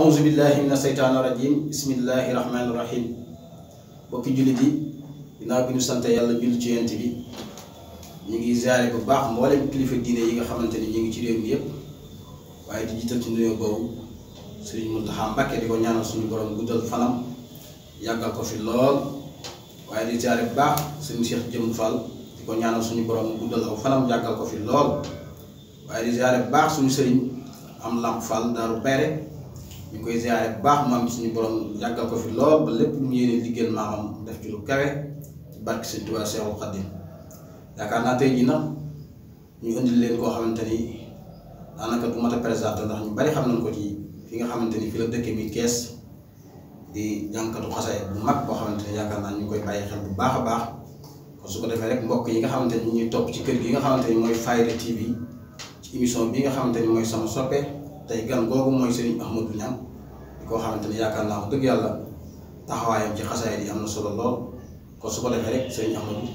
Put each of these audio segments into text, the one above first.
awuzu billahi mina seytaani rajim bismillahi rahmaani rahim mbokki jullit yi ginnaaw bi ñu sant yàlla julli ci yent bi ñu ngi ziare bu baax mboolem kilifa diine yi nga xamante ni ñu ngi ci réew mi yëpp waaye di jiital ci nuyoo boobu Sëriñ Muntaxa Mbàkke di ko ñaanal suñu borom guddal fanam ko fi lool waaye di ziare bu suñu borom guddal aw fanam yàggal ko fi lool waaye di ziare bu baax suñu sëriñ am lamp Fall daaru Pere. ñu koy ziare bu baax maam suñu borom yàggal ko fi lool ba lépp lu mu yéene liggéeyal maamam def ci lu kawe ci barke Sëñ Tuubaa Seexul Xadiim yaakaar naa tey jii nag ñu indi leen koo xamante ni daanaka du mat a présenté ndax ñu bari xam nañ ko ci fi nga xamante ni fi la dëkk mi kees di jànkatu xasaay bu mag boo xamante ni yaakaar naa ñu koy bàyyi xel bu baax a baax kon su ko defee rek mbokk yi nga xamante ni ñuy topp ci kër gi nga xamante ni mooy Faaida TV ci émission bi nga xamante ni mooy sama soppe tey gan googu mooy Serigne Ahmadou Niang koo xamante ne yaakaar naa ko dëgg yàlla taxawaayam ci xasaay yi am na solo lool kon su ko rek Serigne Ahmadou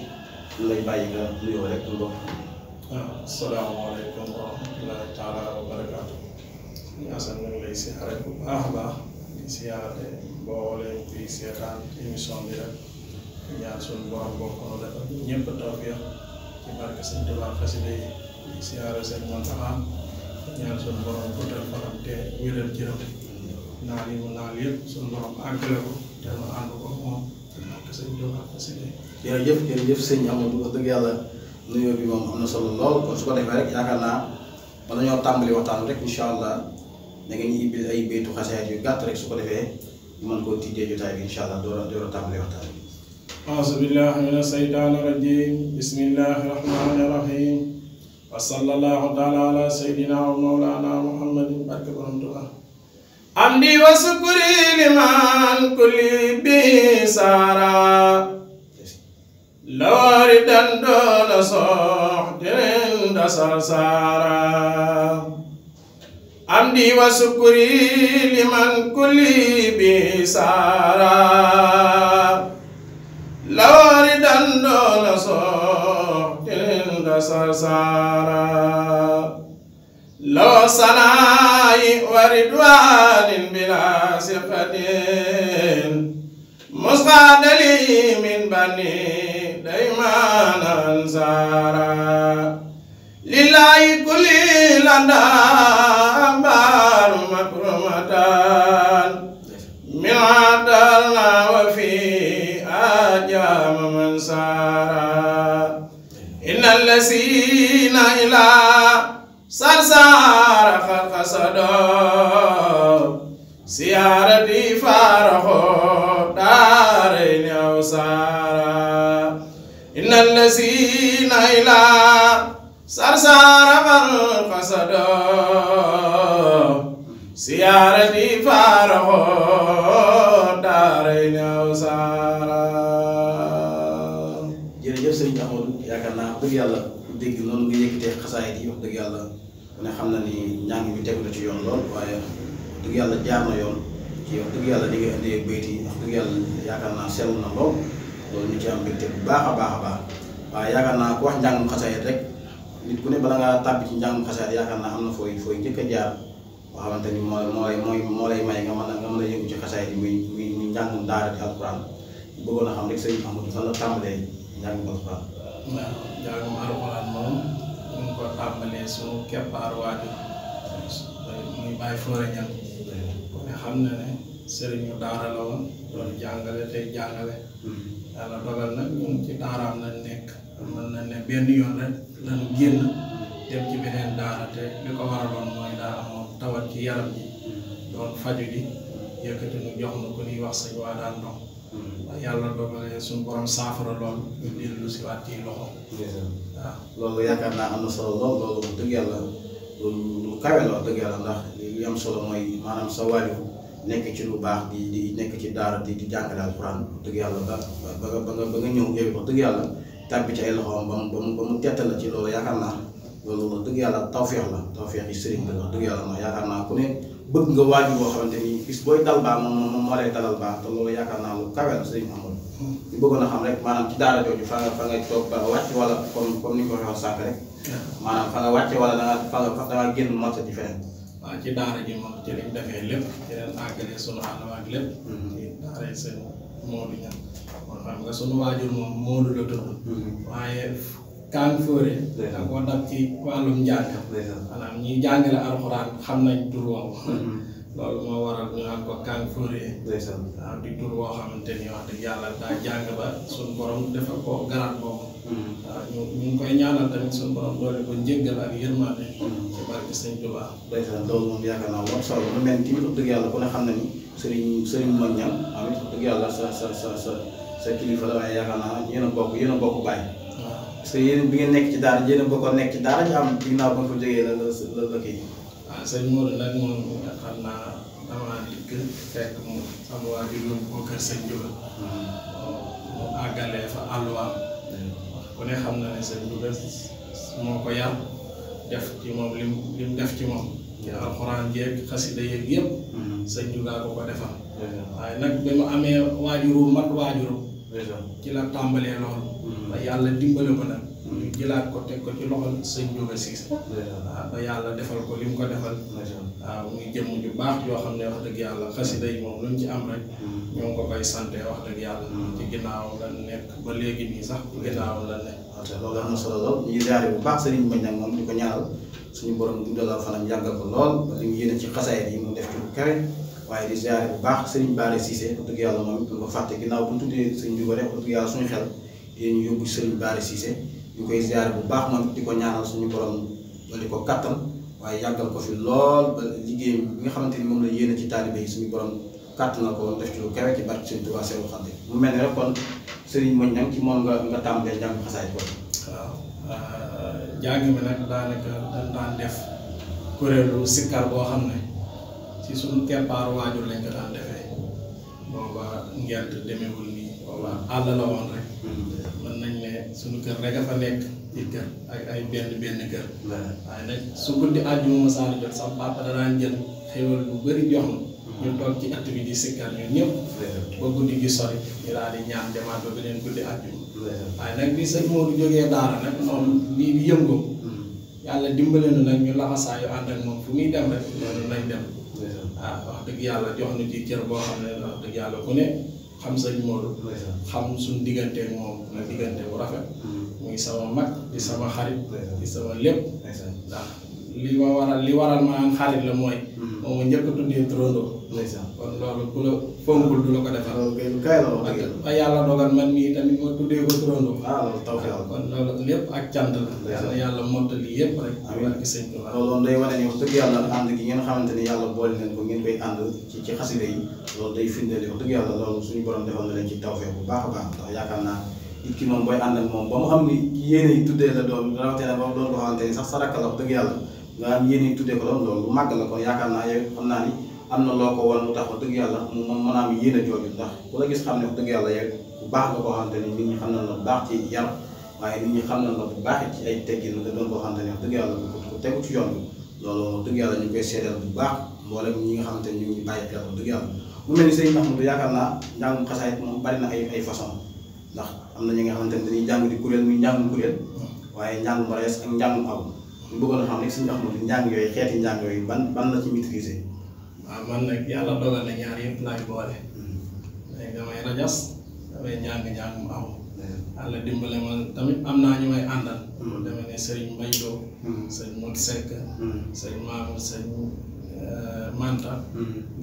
ñu lay bàyyi nga nuyoo rek du mbokk. waaw asalaamaaleykum wa rahmatullahi taala wa barakaatu. ñu asan lay siyaare bu baax a baax di siyaare mbooleem kuy seetaan émission bi rek ñaan suñu borom bokk na defal ñaan suñu borom guddal fanam te wéral jëram naal yi mu naal yëpp suñu borom àggale ko te mu ànd ko moom ak sëñ Tuuba ak sëñ jërëjëf jërëjëf sëñ Amadou wax dëgg yàlla nuyoo bi moom am na solo lool kon su ko defee rek yaakaar naa bala ñoo tàmbali waxtaan rek incha allah da ngeen ñu ibbil ay béytu xasaayid yu gàtt rek su ko defee ñu mën koo tijjee jotaay bi incha allah door a door a tàmbali waxtaan bi. auzu billahi mina saytaani rajim bismillahi rahmaani rahim wa sallallahu taala ala sayyidina wa mawlana muhammadin barke borom Tuubaa amdi wa sukuri liman kulli bi sara lawari dan liman kulli bi sara سرسارا لو صناي وردوان بلا سقة مسقد لي من بني ديمان أنصارا لله كل لنا أمبار مكرمة من عدلنا وفي أجام منصارا سينا إلى سرسار خلق صدو سيارتي فارخو دارين أو سارا إن الذين إلى سرسار خلق صدو سيارتي فارخو دارين أو سارا jërëjëf sëriñ Amadou yaakaar naa dëgg yàlla ku ne xam na ni njàng bi tegu na ci yoon lool waaye dëgg yàlla jaar na yoon ci wax yàlla li nga indee béykat yi wax yàlla yaakaar naa seetlu na lool loolu ñu ci am mbégte baax a baax baax waaye yaakaar naa ku wax njàngum xasaayit rek nit ku ne bala ngaa tàbbi ci njàngum xasaayit yaakaar naa am na fooy fooy njëkk a jaar boo ni moo mooy mooy moo lay may a nga a yëngu ci xasaayit yi muy muy muy njàngum daara di alquran bëggoon a xam rek sëñ Amadou fan la tàmbalee njàngum alquran. waaw njàngum ñu ngi ko tàmbalee suñu keppaaru waajur muy bàyyi Flore Niang xam ne sëriñu daara la woon doon jàngale tey jàngale mm-hmm. yàlla dogal nag ñun ci daaraam lañ nekk mën na ne benn yoon rek lañu génn dem ci beneen daara te li ko waraloon mooy daa amoon tawat ci yaram ji mm-hmm. doon faju ji yëkkati ñu jox na ku ñuy wax sëñ waa daan ndox ndax yàlla dogalee suñu borom saafara lool ñu si waat ci loxo. waaw loolu yaakaar naa am na solo lool loolu dëgg yàlla lu lu kawe la dëgg yàlla ndax li am solo mooy maanaam sa waajur nekk ci lu baax di di nekk ci daara di di jàngale alxuraan dëgg yàlla ba ba nga ba nga ñëw yow wax dëgg yàlla tàbbi ci ay loxoom ba mu ba mu ba la ci loolu yaakaar naa loolu dëgg yàlla tawféex la tawféex yi sëriñ bi wax dëgg yàlla ndax yaakaar naa ku ne bëgg nga waajur boo xamante ni. bis booy dal baa moom moom moo lay dalal baa te loolu yaakaar naa lu kawe la sëriñ amul ñu bëggoon a xam rek maanaam ci daara jooju fa nga fa nga toog ba wàcc wala comme fa nga génn mos ci feneen waaw ci daara ji moom ci lañ defee ci leen àggale sunu ànd ak lépp mm-hmm. ci daara yi seen Moodu ñan kon nga sunu waajur moom Moodu la tudd mm-hmm. waaye kaan fóore da ko dab ci wàllum njàng maanaam ñi jàngale alxuraan xam nañ tur loolu moo waral ñu naan ko Kang Fourier. ndeysaan waaw di tur boo xamante nii wax dëgg yàlla daa jàng ba suñu borom dafa ko garaat boobu. Mm-hmm. waaw ñu ñu ngi koy ñaanal borom doole ko njëggal ak mm-hmm. ci barke Sëñ Tuubaa. ndeysaan loolu moom yaakaar naa moom solo lu mel ni tamit wax dëgg yàlla ku ne xam na ni Serigne Serigne Mor Niang am wax dëgg yàlla sa sa sa sa sa kilifa la waaye naa yéen a bokk yéen a bokk bàyyi. parce que yéen bi nga nekk ci daara yéen a nekk ci daara ñu am ginnaaw sëñ Modou nag moom xam naa damaa dikk fekk mu sama waa ji yóbbu ko kër sëñ Jóob hmm. mu àggalee fa àlluwaam hmm. ku ne xam na ne sëñ Jóob moo ko yar def ci moom lim lim def ci moom ci alxuraan jeeg xasida yeeg yëpp hmm. sëñ Jóob ko ko defal waaye nag bi mu amee waajuru mat waajuru ci la tàmbalee loolu yàlla dimbale ko nag ñu jëlaat ko teg ko ci loxol sëñ Jóoba Siise waaw ah, ba yàlla defal ko li mu ko defal waaw ah, muy jëmm ju baax yoo xam ne dëgg yàlla xasida yi moom luñ ci am rek mm-hmm. ñoo ko koy sante wax dëgg yàlla mm-hmm. ci ginnaaw la nekk ba léegi nii sax ci ginnaaw la nekk ah, loolu am solo ñu ngi ziare bu baax sëriñ Mbañ nag ko ñaanal suñu borom dundalal fanam yàggal ko lool ba li mu ci xasaayat yi mu def ci lu kere waaye di ziare bu baax sëriñ Baare Cissé wax dëgg yàlla moom it ko fàtte ginnaaw bu tuddee sëriñ Jóoba rek wax dëgg yàlla suñu xel yéen ñu yóbbu sëriñ Baare Cissé ñu koy ziar bu baax moom di ko ñaanal suñu borom wala ko kàttan waaye yàggal ko fi lool ba liggéey bi nga xamante ni moom la yéene ci taalibe yi suñu borom kattanal ko def ci lu kawe ci barke mu mel ne rek kon Serigne Moñ nag ci moom nga nga tàmbalee njàng xasaay ko. waaw njàng euh, mi nag daanaka dañ daan def kuréelu sikkar boo xam ne ci suñu keppaaru waajur lañ ko daan defee booba ngent demewul nii booba àll la woon rek. suñu kër rek a fa nekk ci kër ak ay benn benn kër. waaye nag su guddi àjjuma masaana jot sax papa danaan jël xéwal bu bëri jox mm-hmm. ñu toog ci at bi di sikkar ñun ñëpp. ba guddi gi sori ñu daal di ñaan demaat ba beneen guddi àjjuma. waaye nag bi sëñ Modou jógee daara nag moom lii di mm-hmm. yàlla dimbale na nag ñu laxasaa yu ànd ak moom fu muy dem rek noonu lañ dem. waaw ah, wax dëgg yàlla jox na ci cër boo xam ne wax dëgg yàlla ku ne. xam sëñ Modou xam suñ digganteek moom na diggante bu rafet mm-hmm. muy sama mag di sama xarit di sama lépp ndax li ma waral li waral ma am xarit la mooy mm-hmm. moom njëkk tuddee ndeysaan kon loolu ku la fonkul du la ko defal. loolu kay kay la wax dëgg yàlla dogal man mii tamit ma tuddee ko turandoo. ah loolu taw kon loolu lépp ak cant la. yàlla yàlla mottali yépp rek. amiin ak sëñ Tuubaa. loolu day wane ni wax dëgg yàlla ànd gi ngeen xamante ni yàlla boole leen ko ngeen koy ànd ci ci xasida yi loolu day firndeel wax dëgg yàlla loolu suñu borom defal na leen ci tawfeex bu baax a baax ndax yaakaar naa nit ki moom booy ànd ak moom ba mu xam ni yéen yi tuddee la doom rawatina ba doon ko xamante ni sax sa rakk la wax dëgg yàlla nga am yéen yi tuddee ko loolu loolu màgg la kon yaakaar naa yow xam naa ni am na loo ko wan lu tax wax dëgg yàlla mu mën a am yéene jooju ndax ku la gis xam ne wax dëgg yàlla ya bu baax nga koo xamante ni nit ñi xam nañ la bu baax ci yar waaye xam nañ la bu baax ci ay teggin nga doon koo xamante ne wax dëgg yàlla ko tegu ci yoon bi dëgg yàlla ñu koy seedeel bu baax mboolem ñi nga xamante ni ñu ngi bàyyi xel wax dëgg yàlla mu mel ni sëñ Mahmoud yaakaar naa njàngum xasaayit bari na ay ay façon ndax am na ñi nga xamante ni dañuy jàng di kuréel muy njàngum kuréel waaye njàngum rees ak njàngum aw ñu bëggoon a xam ne sëñ Mahmoud njàng yooyu xeeti njàng yooyu ban ban na ci maîtriser waaw ah, man nag yàlla dogal na ñaar yëpp laay boole léegi hmm. damay rajas damay njàng-njàng mu am hmm. yàlla dimbale ma tamit am naa ñu may àndal mu hmm. demee ne sëriñ Mbay Loo sëñ Mot Seck sëñ Maamul euh, Manta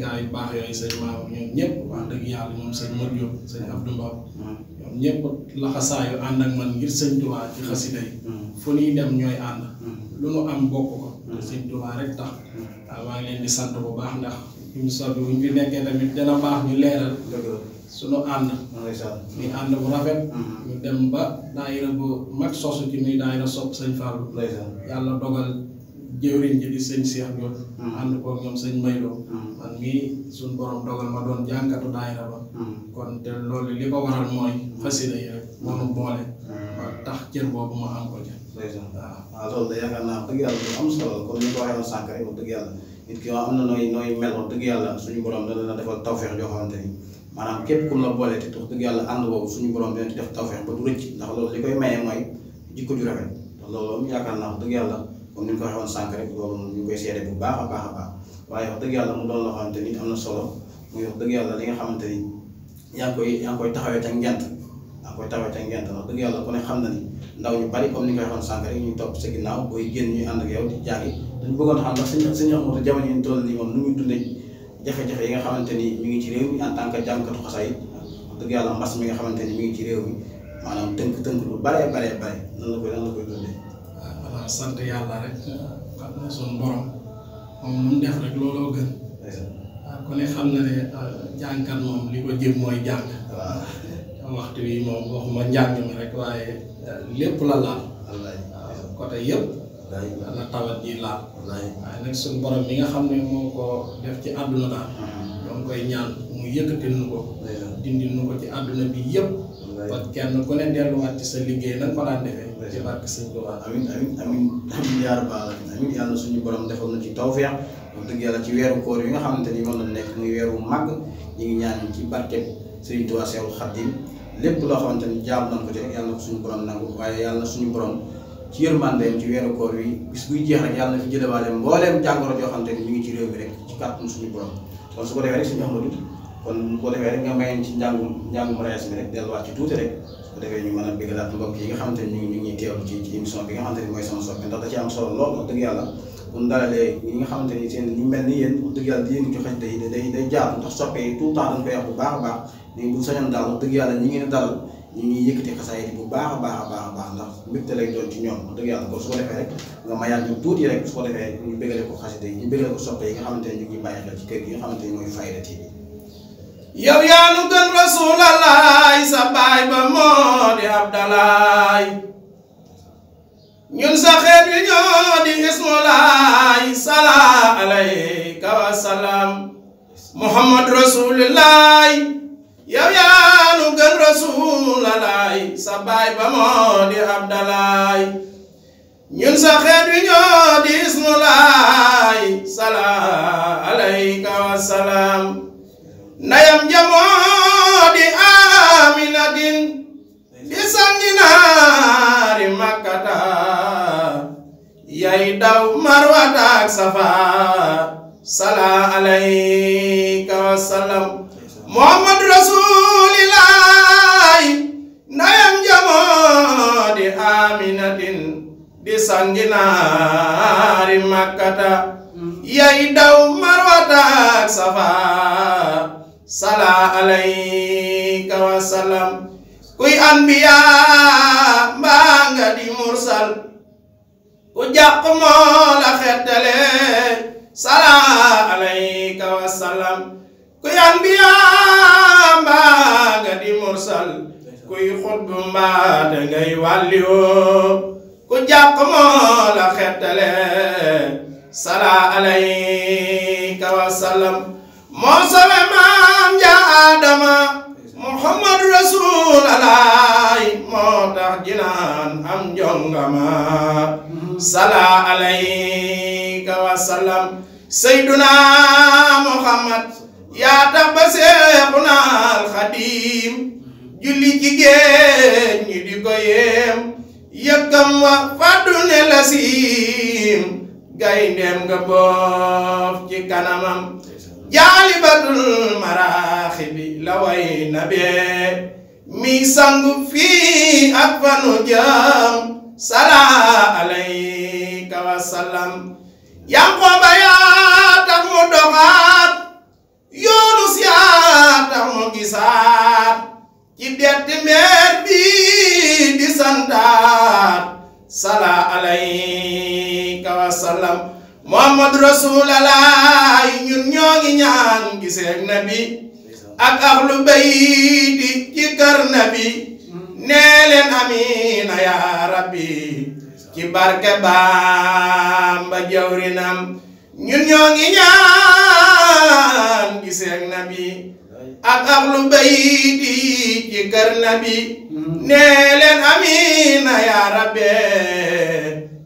gars yu baax yooyu sëñ Maamul ñoom ñëpp wax dëgg yàlla ñoom sëñ Mot Jóob sëñ Abdou Mbaw ñoom ñëpp laxasaayu ànd man ngir sëñ Tuubaa ci xasida yi fu ñuy dem ñooy ànd am bokk sëñ Tuubaa rek tax waaw maa ngi leen di sant bu baax ndax émission bi bu ñu fi nekkee tamit dana baax ñu leeral suñu ànd ñu ànd bu rafet mm-hmm. ñu dem ba daayira bu mag sosu ci muy daayira sopp sëñ Fallou yàlla dogal jëwriñ ji di sëñ Seex Jóob mm-hmm. ànd koog ñoom sëñ Maydoo mm-hmm. man mii suñ borom dogal ma doon jànkatu daayira ba kon te loolu li ko waral mooy fasida yi rek moonu boole tax cër boobu ma am ko ca waaw loolu de yaakaar naa dëgg yàlla lu am solo la comme ko waxee woon sànq rek dëgg yàlla am na nooy nooy mel wax yàlla suñu borom dana la defal tawfeex joo xamante ni képp ku la boole te dëgg yàlla ànd boobu suñu borom dina ci def tawfeex ba du rëcc ndax loolu li koy maye mooy jikko ju rafet yaakaar naa dëgg yàlla comme ni ñu ko waxee woon sànq rek loolu ñu koy seede bu baax a baax a waaye dëgg yàlla mu doon loo xamante ni am na solo muy wax dëgg yàlla li nga xamante ni yaa ngi koy yaa ngi koy taxawee ak koy tawee ca ngent wax dëgg yàlla ku ne xam na ni ndaw ñu bari comme ni nga ko waxoon rek ñu topp sa ginnaaw booy génn ñu ànd ak yow di jàngi dañu bëggoon xam ndax sëñ jamono yi ñu toll nii moom nu muy dundee yi nga xamante ni mi ngi ci réew mi en tant dëgg yàlla mbas mi nga xamante ni mi ngi ci réew mi maanaam tënk-tënk lu baree baree bare nan la koy nan la koy dundee waaw voilà sant yàlla rek xam na suñu borom ne xam ah, jànkat moom li ko jëm mooy jàng waxtu wi moom waxuma njàng mi rek waaye euh, lépp la laal waaw côté yëpp la tawat ji laal waaye nag suñu borom bi nga xam ne ko def ci àdduna daal mm-hmm. ñoo ngi mu yëkkatil nu ko dindil nu ko ci àdduna bi yëpp ba kenn na ko daan defee ci barke sëñ Tuubaa amin amin amin amin yàlla suñu borom defal na ci tawfeex wax dëgg yàlla ci weeru koor yi nga xamante ni moom la nekk muy weeru màgg ñu ngi ñaan ci barke Sëriñ Tuubaa lépp loo xamante ni jaamu nañ ko ci yàlla na ko suñu borom nangu waaye yàlla na suñu borom ci yërmandeem ci weeru koor wi bis buy jeex rek yàlla na fi jëlewaale mbooleem jàngoro joo xamante ñu borom kon su ko defee rek suñu Ahmadu kon nga mayeen ci su ko defee ñu a bëggalaat mbokk yi nga xamante ni ñu ngi ñu ngi teewlu ci ci émission bi nga xamante ni mooy sama soppi ndax da ci am solo lool dëgg yàlla bu ñu dalalee ñi nga xam ni seen ni mel ni yéen wax dëgg yàlla di leen joxe day day day jaar ndax soppe yi tout le temps dañ koy bu baax a baax léegi bu ñu sañoon daal wax dëgg yàlla ñi ngeen dalal ñu ngi yëkkati xasaay bu baax a baax a baax a baax ndax mbégte lay doon ci ñoom wax dëgg yàlla kon su ko defee rek nga mayaat ñu tuuti rek su ko defee ñu bëggale ko xasida yi ñu bëggale ko soppe yi ne ñu ngi bàyyi xel ci kër gi nga xamante ni mooy Fayda TV yow yaa nu gën rasulallah sa baay ba moo di Abdalaay ñun sa xeet wi ñoo di ismulaay sala alayka wa salaam muhammad rasulillaay yow yaa nu gën rasulalaay sa baay ba moo di abdalaay ñun sa xeet wi ñoo di ismulaay sala alayka wa salaam ndayam jamoo di aminatin di sangi naari makkata yay daw marwata ak safa sala alayka wasalam muhammadu rasulillahi ndayam jamoo di aminatin di sanginaari makkata yay daw marwata ak safa sala alayka wasalam kuy anbiya mbaa nga di mursal ku jàq moo la xettale sala alayka wasalam kuy anbiya mbaa nga di mursal kuy xutbu mbaa da ngay wàlliwoo ku jàq moo la xettale sala alayka wasalam moo sawe maam ja adama muhammadu rasulalaay moo tax jinaan am njongama sala alayka wa sayduna muhammad yaa tax seexuna alxadim julli jigéen ñi di ko yéem yëkkam wa fàddu ne la siim boof ci kanamam jaalibatul maraaxibi la way nabee mi sangu fii ak fanu jam sala muhammad rasulallah ñun ñoo ngi ñaan nabi ak ahlu bayti ci kër nabi nee amiina ya rabbi ci barke Bamba jawrinam ñun ñoo ngi ñaan giseeg nabi ak ahlu bayti ci kër nabi nee amiina ya rabbi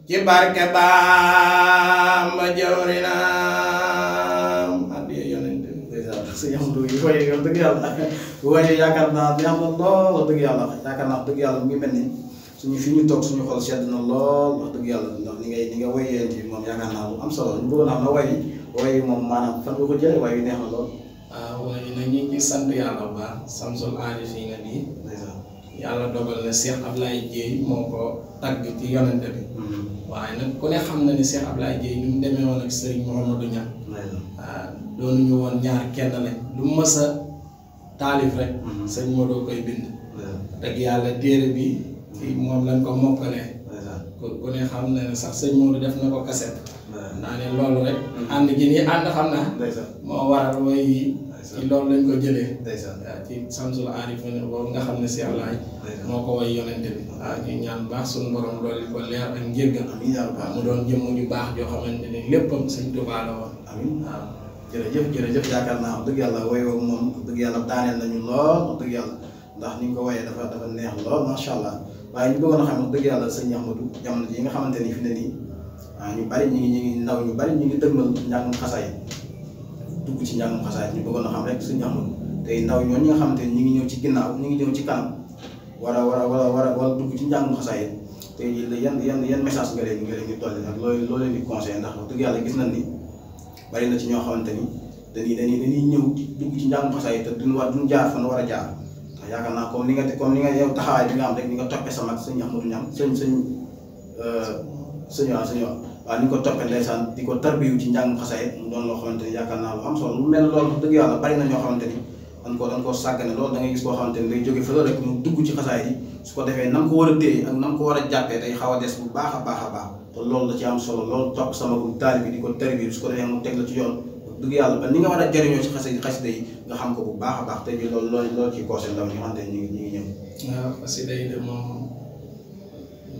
ci barke Bamba jawrinam addiye yonente si Amadou yi waaye wax dëgg yàlla waaye yaakaar naa neex na lool wax dëgg yàlla yaakaar naa wax dëgg yàlla mu ngi mel ni suñu fi ñu suñu xol sedd na lool wax dëgg yàlla ndax ni ngay ni nga woyee ci moom yaakaar naa lu am solo ñu bëgg na way way moom maanaam fan nga ko jëlee waaye neex lool waaw waaye nag ñu ngi sant yàlla bu baax Samsul Arif yi nga nii yàlla dogal na Cheikh Ablaye Dieye moo ko tagg ci yonente bi waaye nag ku ne xam na ni Cheikh Abdoulaye Dieye ni mu demee woon ak Serigne Mouhamadou Niang waaw doonu ñu woon ñaar kenn lañ lu mu mës taalif rek mm-hmm. sëñ Modou koy bind dëgg yàlla téere bi moom lañ ko mokkalee ku ne xam na ne sax sëñ Modou def na ko kaset naa ne loolu rek ànd gi nii ànd xam naa moo waral way ci loolu lañ ko jëlee. ndeysaan waaw ci samsul aarif boobu nga xam ne si àllaay. moo ko way yonente bi. waaw ñu ñaan baax suñu borom loolu ko leer ak njéggal. amiin mu doon jëmm yu baax joo xamante ne léppam sëñ Tuubaa la woon. amiin waaw jërëjëf jërëjëf yaakaar naa dëgg yàlla woy dëgg yàlla daaneel nañu lool wax dëgg yàlla ndax ni nga ko woyee dafa dafa neex lool macha allah waaye ñu bëggoon a xam wax dëgg yàlla sëñ Ahmadou jamono ji nga xamante ni fi ne nii ñu bari ñu ngi ñu ngi ndaw ñu bari ñu ngi dëgmal njàngum xasaay dugg ci njàngum xasaay ñu bëggoon a xam rek suñu amul tey naw ñoo ñi nga xamante te ñu ngi ñëw ci ginnaaw ñu ngi ñëw ci kanam war a war a war a war a dugg ci njàngum xasaay yi tey jii yan yan yan message nga leen nga leen di dolli nag loolu loolu leen di conseillé ndax wax dëgg yàlla gis na ni bari na ci ñoo xamante ni dañuy dañuy dañuy ñëw dugg ci njàngum xasaay yi te duñ war duñ jaar fan war a jaar ndax yaakaar naa comme ni nga te comme ni nga yow taxawaay bi nga am rek ni nga toppee sa mag sëñ Amadou Ñam sëñ sëñ euh, sëñ waaw waaye ni ko toppee ndeysaan di ko tarbiyu ci njàng mu doon loo xamante ni yaakaar naa lu am solo lu mel ne loolu dëgg yàlla bari na ñoo xamante ni dañ ko dañ ko sàggane loolu da ngay gis koo xamante ci xasaay a ko war a jàppee bu am solo loolu topp sama ko taalibi ko tarbiyu su ko defee mu yoon dëgg yàlla ba ni nga war a jariñoo ci xasida xasida yi nga xam ko bu baax a baax tey jii loolu loolu loolu ci conseil ndaw ñi xamante ne ñu ngi ñu ngi ñëw. waaw xasida yi de moom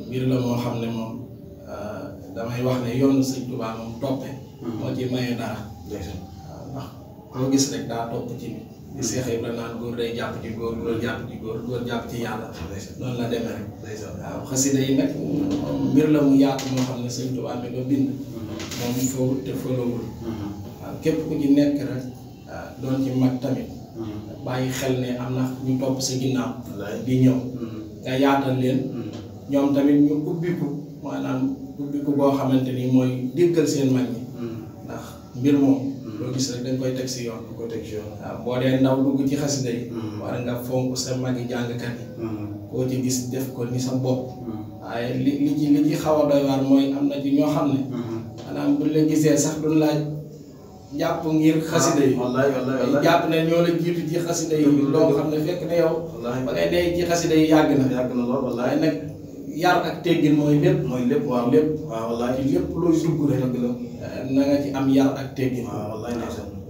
mbir la moo xam ne moom Euh, damay wax ne yoonu sëñ Tuubaa moom toppe mm-hmm. moo ci maye dara waaw euh, ndax koo gis rek daa topp ci ni mm-hmm. di Seex Ibra góor day jàpp ci góor góor jàpp ci góor góor jàpp ci yàlla noonu la demee rek waaw xasida yi nag mbir la mu yaatu moo xam ne sëñ Tuubaa mi ko bind mm-hmm. moom foofu te fëlawul waaw képp ku ci nekk rek doon ci mag tamit bàyyi xel ne am na ñu topp sa ginnaaw di ñëw nga yaatal leen ñoom tamit ñu ubbiku maanaam ubbiku boo xamante ni mooy déggal seen mag ñi hmm. ndax mbir moom hmm. loo gis rek dañ koy teg si yoon du ko teg si yoon waaw boo dee ndaw dugg ci xasida yi hmm. war koo ci gis def ko ni sa bopp waaye li a doy ñoo xam ne maanaam buñ la xasida yi ah, jàpp ne ñoo la jiitu ci xasida yi loo xam ne fekk ne yow ba ngay dee ci xasida yi yàgg na yàgg na lool wallaay nag yar ak teggin mooy lépp mooy lépp waaw lépp waaw wallaahi lépp looy dugg rek dëgg la eh, na nga ci am yar ak teggin waaw wallaahi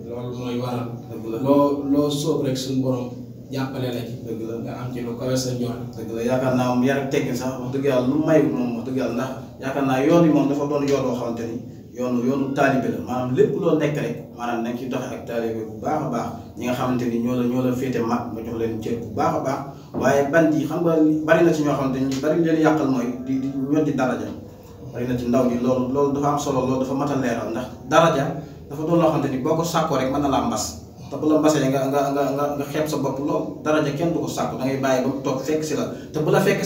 loolu mooy waral la loo loo sóob rek suñu borom jàppale la ci dëgg la nga am ci lu kawe sa njort dëgg la yaakaar naa moom yar ak teggin sax wax dëgg yàlla lu may moom wax dëgg yàlla ndax yaakaar naa yoon yi moom dafa doon yoon boo xamante ni yoonu yoonu taalibe la maanaam lépp loo nekk rek maanaam nañ ci doxe ak taalibe bu baax a baax ñi nga xamante ni ñoo la ñoo la féete mag nga jox leen cër bu baax a baax waaye bandi xam nga bari na ci ñoo xamante ni bari leen yàqal mooy di di ndaw ñi loolu loolu dafa am solo loolu dafa mat a leeral ndax daraja dafa doon loo xamante ni boo ko sàkkoo rek mën na laa mbas te bu la mbasee bopp lool daraja kenn du ko sàkku da ngay bàyyi ba mu toog fekk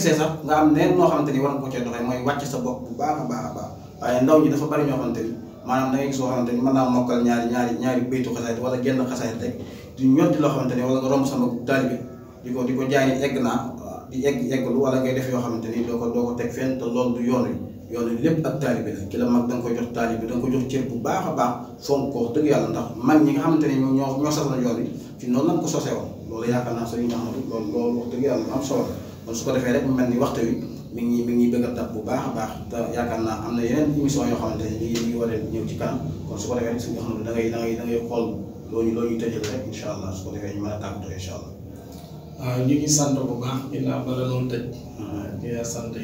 see sax nga am neen noo xamante ni war nga ko cee sa bopp bu baax baax a baax waaye ndaw ñi dafa bari ñoo xamante ni maanaam da ngay gis loo xamante ni mën naa mokkal ñaari ñaari ñaari béytu xasaayit wala genn xasaayit rek di loo xamante ni wala nga romb sama taalibe di ko di ko jaay egg naa di egg eggul wala ngay def yoo xamante ni doo ko ko teg fenn te loolu du yoon wi yoon wi lépp ak taalibe la ki la mag da koy jox taalibe da nga ko jox cër bu baax a baax fonk ko dëgg yàlla ndax mag ñi nga xamante ni ñoo ñoo ñoo sasna yoon wi fi noonu lañ ko sosee woon loolu yaakaar naa sëñ Ahmadu loolu loolu wax dëgg yàlla am solo kon su ko mu ni waxtu wi mi ngi mi ngi bëgg a tab bu baax a baax te yaakaar naa am na yeneen émission yoo xamante ne ñu ngi war a ñëw ci kanam kon su xam ne da ngay da loo ñu loo ñu tëjal rek incha allah su ko defee ñu mën a tàggatoo incha allah. waaw ah, ñu ngi sant bu baax ginnaaw bala noonu tëj. Mm-hmm. Ah, di sant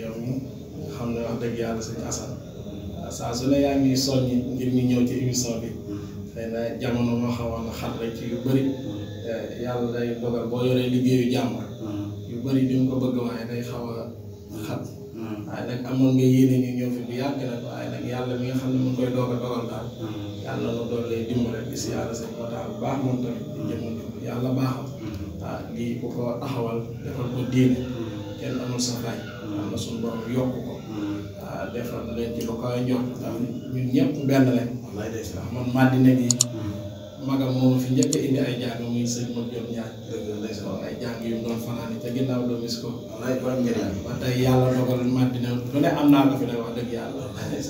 xam ne wax dëgg yàlla sëñ Assane. Ah, yaa ngi soññi ngir ñu ñëw ci émission bi. Mm-hmm. xëy na jamono moo xawoon xat rek ci yu bëri. Mm-hmm. Eh, yàlla day dogal boo yoree liggéeyu jàmm. yu bëri di nga ko bëgg waaye day xaw xam hmm. nag amoon nga yéene ñu ñëw fi bu yàgg nag waaye nag yàlla mi nga xam ne mu koy doog a dogal daal hmm. yàlla na doon lay dimbale di si yàlla seen motaal baax moom tamit di hmm. jëmmal ko lii ku ko taxawal defal ko diine kenn amul sa fay am na suñu borom yokk ko waaw defal leen ci lu koy njort ndax ñun ñëpp benn lañ ndax man Madina gi magam moom fi njëkk indi ay jàng muy sëñ Modou Diop ñaar ay jàng yu mu doon fanaan te ginnaaw ko ba tey yàlla dogal am naa ko fi nag wax dëgg yàlla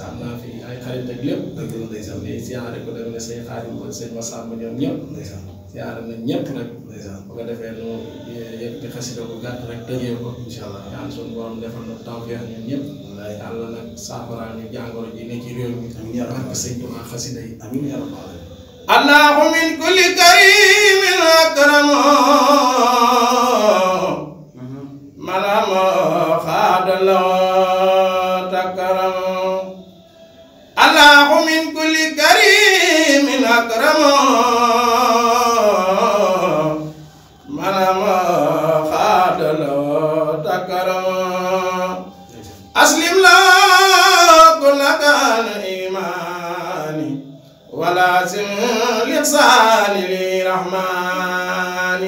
am naa fi ay xarit ak lépp di siyaare ko dem ne sëñ xaarim ko sëñ Massamba ñoom ñëpp siyaare nañ bu ko defee nu yëg di xasida ko gàtt rek tëjee ko incha allah ñaan suñu الله من كل كريم أكرم منام خاد له تكرم الله من كل كريم أكرم منام خاد له تكرم أسلم له كل كان إيماني ولازم الإحسان للرحمن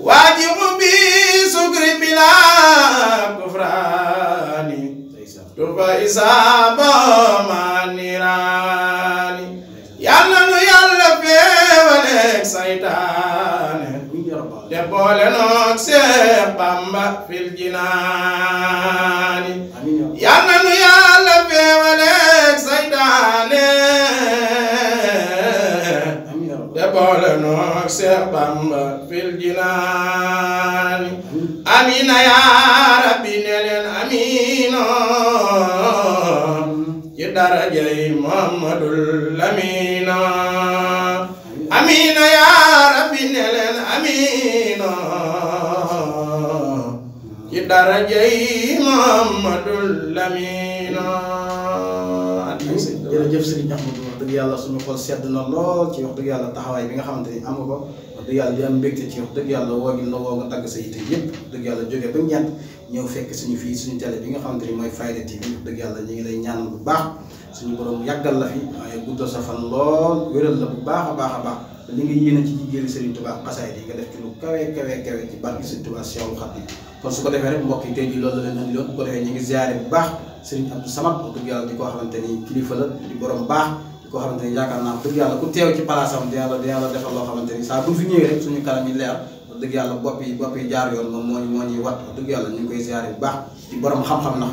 واجب بسكر بلا كفران تربى إصابة مع النيران يالا نو يالا بيولك سيطان دبول نوك سيخ بامبا في الجنان يالا نو يالا بيولك سيطان mawlana Seex Bamba fil jinaani amina yaa rabbi ne amina ci darajay Muhammadul Amina amina yaa rabbi ne amina ci darajay Muhammadul Amina jërëjëf Serigne Ahmadou wax dëgg yàlla suñu xol sedd na lool ci wax dëgg yàlla taxawaay bi nga xamante ni am nga ko wax dëgg yàlla di am mbégte ci wax dëgg yàlla woo gi la woo nga tagg sa yitte yëpp wax dëgg yàlla jógee ba ñett ñëw fekk suñu fii suñu télé bi nga xamante ni mooy Fayda TV wax dëgg yàlla ñu ngi lay ñaanal bu baax suñu borom yàggal la fi waaye guddal sa fan lool wéral la bu baax a baax a baax li nga yéene ci jigéen Serigne Touba xasaay yi nga def ci lu kawe kawe kawe ci barki Serigne Touba Cheikh Khadim kon su ko defee rek mbokk yi tey ji loolu la leen andi loon bu ko defee ñu ngi ziare bu baax sëriñ Abdou Samad wax dëgg yàlla di ko xamante ni kilifa la di borom baax di ko xamante ni yaakaar naa dëgg yàlla ku teew ci palaasam di yàlla di yàlla defal loo xamante ni saa bu fi ñëwee rek suñu kanam yi leer wax dëgg yàlla bopp yi moo ñu moo ñuy wat wax dëgg yàlla ñu ngi koy ziare bu baax di borom xam-xam na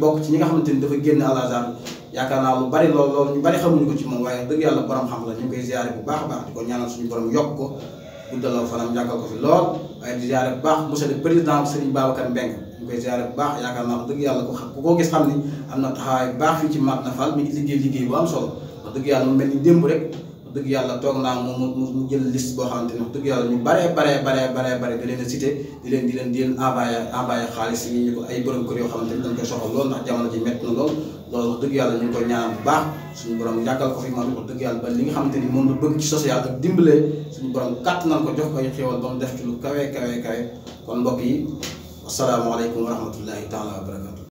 bokk ci ñi nga xamante ni dafa génn Al Azhar yaakaar naa lu bari lool loolu ñu bari xamuñu ko ci moom waaye dëgg yàlla borom xam la ñu koy ziare bu baax a baax di ko ñaanal suñu borom yokk ko guddaloo fanam yàggal ko fi lool waaye di ziare bu baax monsieur le président Serigne Babacar ñu koy ziare bu baax yaakaar naa wax dëgg yàlla ko xam ku ko gis xam ni am na taxawaay baax fii ci Madina Fall mi yàlla mu toog naa jël liste boo xamante ni wax dëgg yàlla ñu baree baree baree baree baree da leen a cité di leen di leen di leen envoyé envoyé xaalis yi ñu yoo xamante ni dañ koy soxal lool na lool loolu wax dëgg yàlla ñu ngi koy ñaanal baax suñu borom yàggal ko fi man wax dëgg ba li nga xamante ni moom la bëgg ci social ak dimbalee suñu borom kàtt nan ko jox koy xéewal ba mu def ci lu kawe kawe kawe kon mbokk yi asalaamaaleykum wa rahmatullahi taala wa barakatu